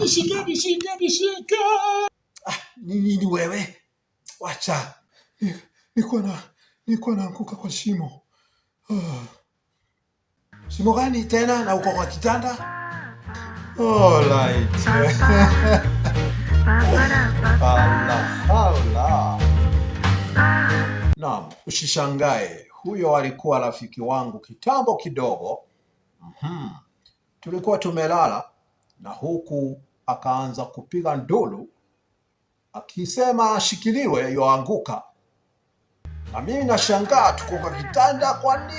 nishike, nishike, nishike, Ah, ni nini wewe? Wacha nikuwa na nilikuwa naanguka kwa shimo. Ah. Shimo gani tena? Na uko kwa kitanda? Oh, Naam, usishangae huyo alikuwa rafiki wangu kitambo kidogo. mm -hmm tulikuwa tumelala, na huku akaanza kupiga ndulu akisema ashikiliwe yoanguka, na mimi nashangaa, tuko kwa kitanda, kwani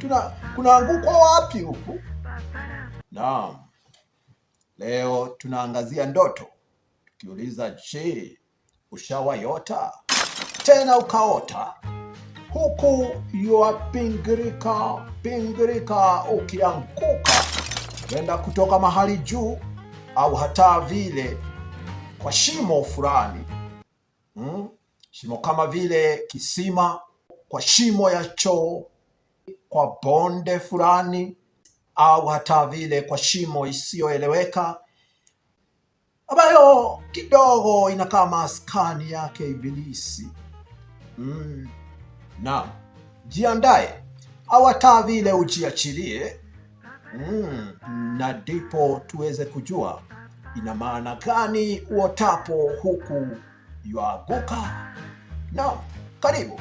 tuna kunaangukwa wapi huku? Naam, leo tunaangazia ndoto tukiuliza, je, ushawaiota tena ukaota huku yuapingirika pingirika ukianguka huenda kutoka mahali juu au hata vile kwa shimo fulani hmm? Shimo kama vile kisima, kwa shimo ya choo, kwa bonde fulani, au hata vile kwa shimo isiyoeleweka ambayo kidogo inakaa maskani yake Ibilisi. Mm. Na jiandaye au hata vile ujiachilie mm, na ndipo tuweze kujua ina maana gani uotapo huku yuaguka. na karibu.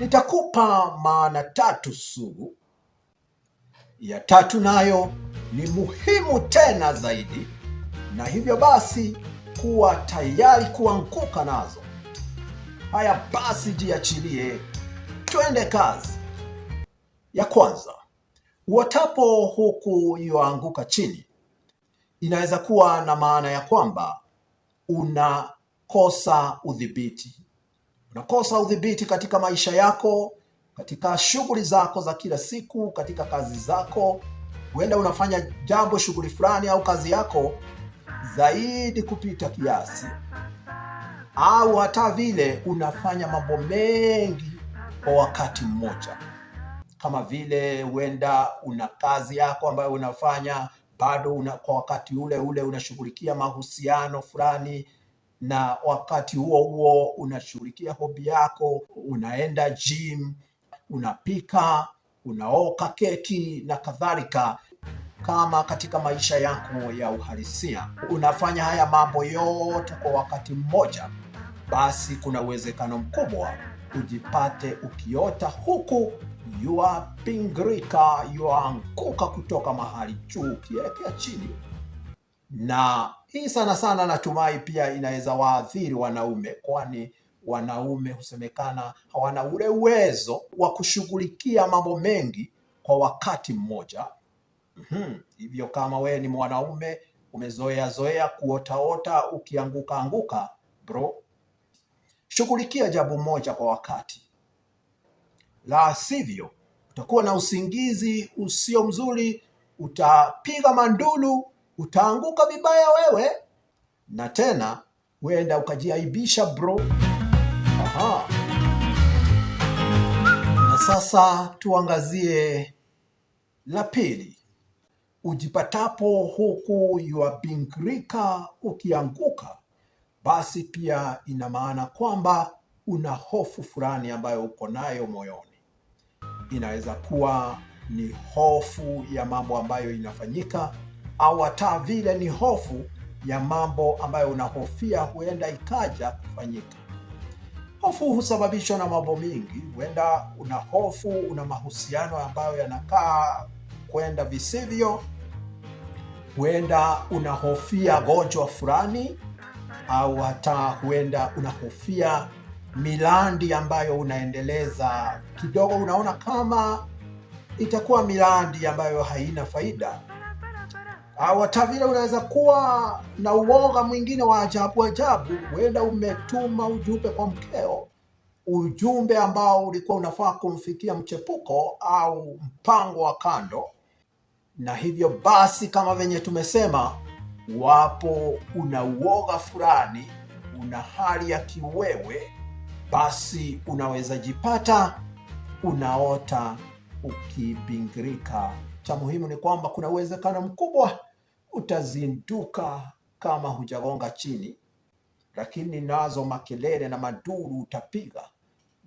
Nitakupa maana tatu sugu. Ya tatu nayo ni muhimu tena zaidi, na hivyo basi kuwa tayari kuanguka nazo. Haya basi, jiachilie, twende kazi. Ya kwanza Uotapo huku yuanguka chini inaweza kuwa na maana ya kwamba unakosa udhibiti, unakosa udhibiti katika maisha yako, katika shughuli zako za kila siku, katika kazi zako. Huenda unafanya jambo, shughuli fulani au kazi yako zaidi kupita kiasi, au hata vile unafanya mambo mengi kwa wakati mmoja kama vile huenda una kazi yako ambayo unafanya bado una, kwa wakati ule ule unashughulikia mahusiano fulani na wakati huo huo unashughulikia hobi yako, unaenda gym, unapika, unaoka keki na kadhalika. Kama katika maisha yako ya uhalisia unafanya haya mambo yote kwa wakati mmoja, basi kuna uwezekano mkubwa ujipate ukiota huku yuapingrika yuaanguka kutoka mahali juu ukielekea chini. Na hii sana sana natumai pia inaweza waathiri wanaume, kwani wanaume husemekana hawana ule uwezo wa kushughulikia mambo mengi kwa wakati mmoja. Mm-hmm. Hivyo kama wewe ni mwanaume umezoea zoea kuotaota ukianguka anguka, bro Shughulikia jambo moja kwa wakati, la sivyo utakuwa na usingizi usio mzuri, utapiga mandulu, utaanguka vibaya wewe, na tena huenda ukajiaibisha bro. Aha. Na sasa tuangazie la pili, ujipatapo huku yuabingrika ukianguka basi pia ina maana kwamba una hofu fulani ambayo uko nayo moyoni. Inaweza kuwa ni hofu ya mambo ambayo inafanyika, au hata vile ni hofu ya mambo ambayo unahofia huenda ikaja kufanyika. Hofu husababishwa na mambo mingi. Huenda una hofu, una mahusiano ambayo yanakaa kwenda visivyo, huenda unahofia gonjwa fulani au hata huenda unahofia mirandi ambayo unaendeleza, kidogo unaona kama itakuwa mirandi ambayo haina faida, au hata vile unaweza kuwa na uoga mwingine wa ajabu ajabu. Huenda umetuma ujumbe kwa mkeo, ujumbe ambao ulikuwa unafaa kumfikia mchepuko au mpango wa kando, na hivyo basi, kama venye tumesema Wapo una uoga fulani, una hali ya kiwewe, basi unaweza jipata unaota ukibingirika. Cha muhimu ni kwamba kuna uwezekano mkubwa utazinduka kama hujagonga chini, lakini nazo makelele na maduru utapiga,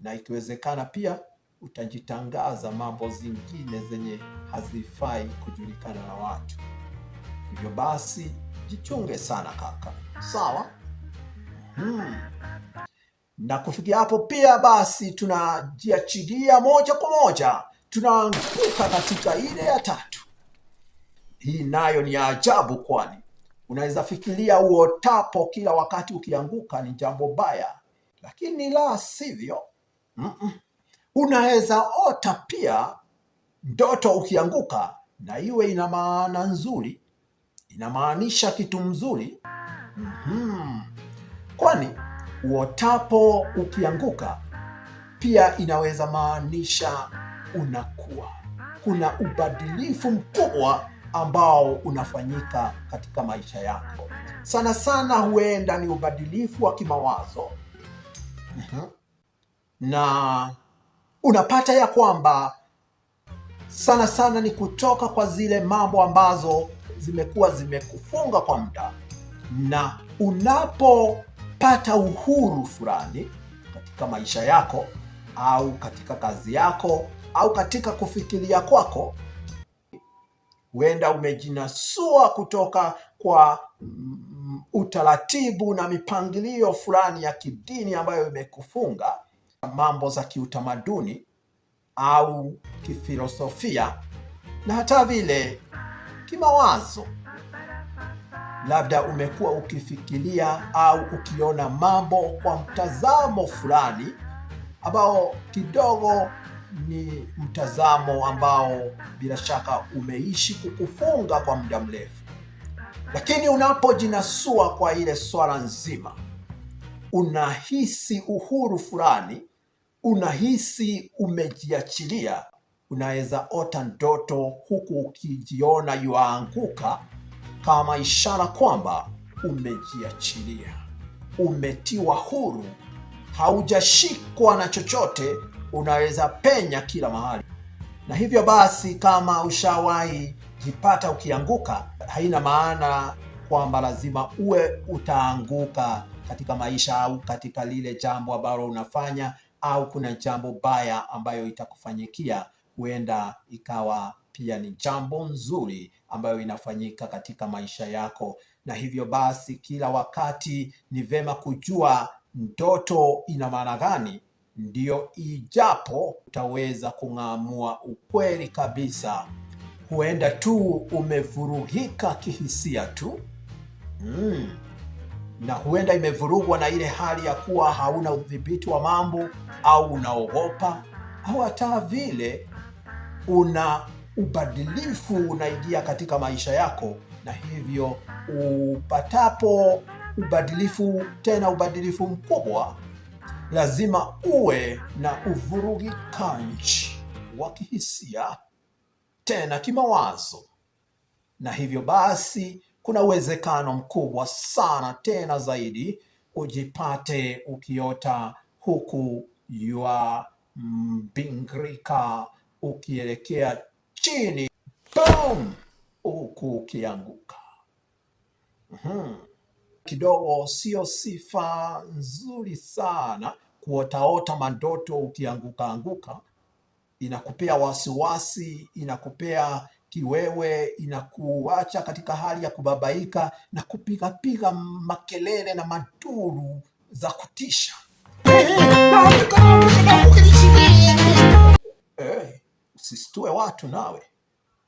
na ikiwezekana pia utajitangaza mambo zingine zenye hazifai kujulikana na watu. Hivyo basi jichunge sana kaka, sawa? Hmm. Na kufikia hapo pia basi, tunajiachilia moja kwa moja, tunaanguka katika ile ya tatu. Hii nayo ni ajabu, kwani unaweza fikiria uotapo kila wakati ukianguka ni jambo baya, lakini la sivyo. mm -mm. Unaweza ota pia ndoto ukianguka na iwe ina maana nzuri inamaanisha kitu mzuri mm -hmm. Kwani uotapo ukianguka pia inaweza maanisha unakuwa. Kuna ubadilifu mkubwa ambao unafanyika katika maisha yako, sana sana huenda ni ubadilifu wa kimawazo mm -hmm. na unapata ya kwamba sana sana ni kutoka kwa zile mambo ambazo zimekuwa zimekufunga kwa muda, na unapopata uhuru fulani katika maisha yako au katika kazi yako au katika kufikiria kwako, huenda umejinasua kutoka kwa mm, utaratibu na mipangilio fulani ya kidini ambayo imekufunga mambo za kiutamaduni au kifilosofia na hata vile kimawazo. Labda umekuwa ukifikiria au ukiona mambo kwa mtazamo fulani ambao kidogo ni mtazamo ambao bila shaka umeishi kukufunga kwa muda mrefu, lakini unapojinasua kwa ile swala nzima, unahisi uhuru fulani, unahisi umejiachilia unaweza ota ndoto huku ukijiona yuaanguka kama ishara kwamba umejiachilia, umetiwa huru, haujashikwa na chochote, unaweza penya kila mahali. Na hivyo basi, kama ushawahi jipata ukianguka, haina maana kwamba lazima uwe utaanguka katika maisha au katika lile jambo ambalo unafanya, au kuna jambo baya ambayo itakufanyikia huenda ikawa pia ni jambo nzuri ambayo inafanyika katika maisha yako. Na hivyo basi, kila wakati ni vema kujua ndoto ina maana gani, ndiyo ijapo utaweza kung'amua ukweli kabisa, huenda tu umevurugika kihisia tu mm. Na huenda imevurugwa na ile hali ya kuwa hauna udhibiti wa mambo au unaogopa au hata vile una ubadilifu unaingia katika maisha yako, na hivyo upatapo ubadilifu, tena ubadilifu mkubwa, lazima uwe na uvurugikaji wa kihisia, tena kimawazo, na hivyo basi kuna uwezekano mkubwa sana tena zaidi ujipate ukiota huku yua mbingrika ukielekea chini, boom, huku ukianguka. Hmm. Kidogo sio sifa nzuri sana kuotaota mandoto ukianguka anguka, inakupea wasiwasi, inakupea kiwewe, inakuacha katika hali ya kubabaika na kupigapiga makelele na maduru za kutisha. Mhm. tuwe watu nawe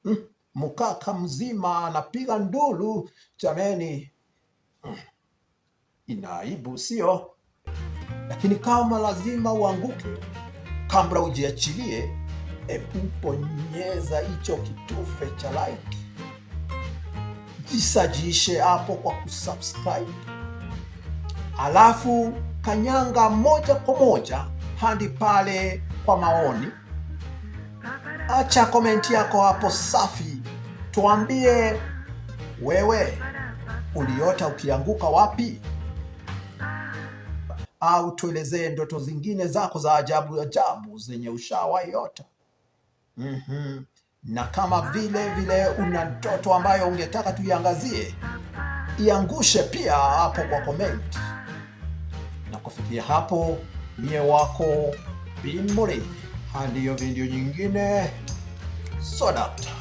mm. Mkaka mzima anapiga nduru jameni, mm. Inaibu sio, lakini kama lazima uanguke, kabla ujiachilie, epuponyeza hicho kitufe cha like, jisajishe hapo kwa kusubscribe, alafu kanyanga moja kwa moja hadi pale kwa maoni acha komenti yako hapo safi, tuambie wewe uliota ukianguka wapi, au tuelezee ndoto zingine zako za ajabu ajabu zenye ushawa yota. mm -hmm. Na kama vile vile una ndoto ambayo ungetaka tuiangazie, iangushe pia hapo kwa komenti. Na kufikia hapo, mie wako Bin hadi hiyo video nyingine. Swadakta.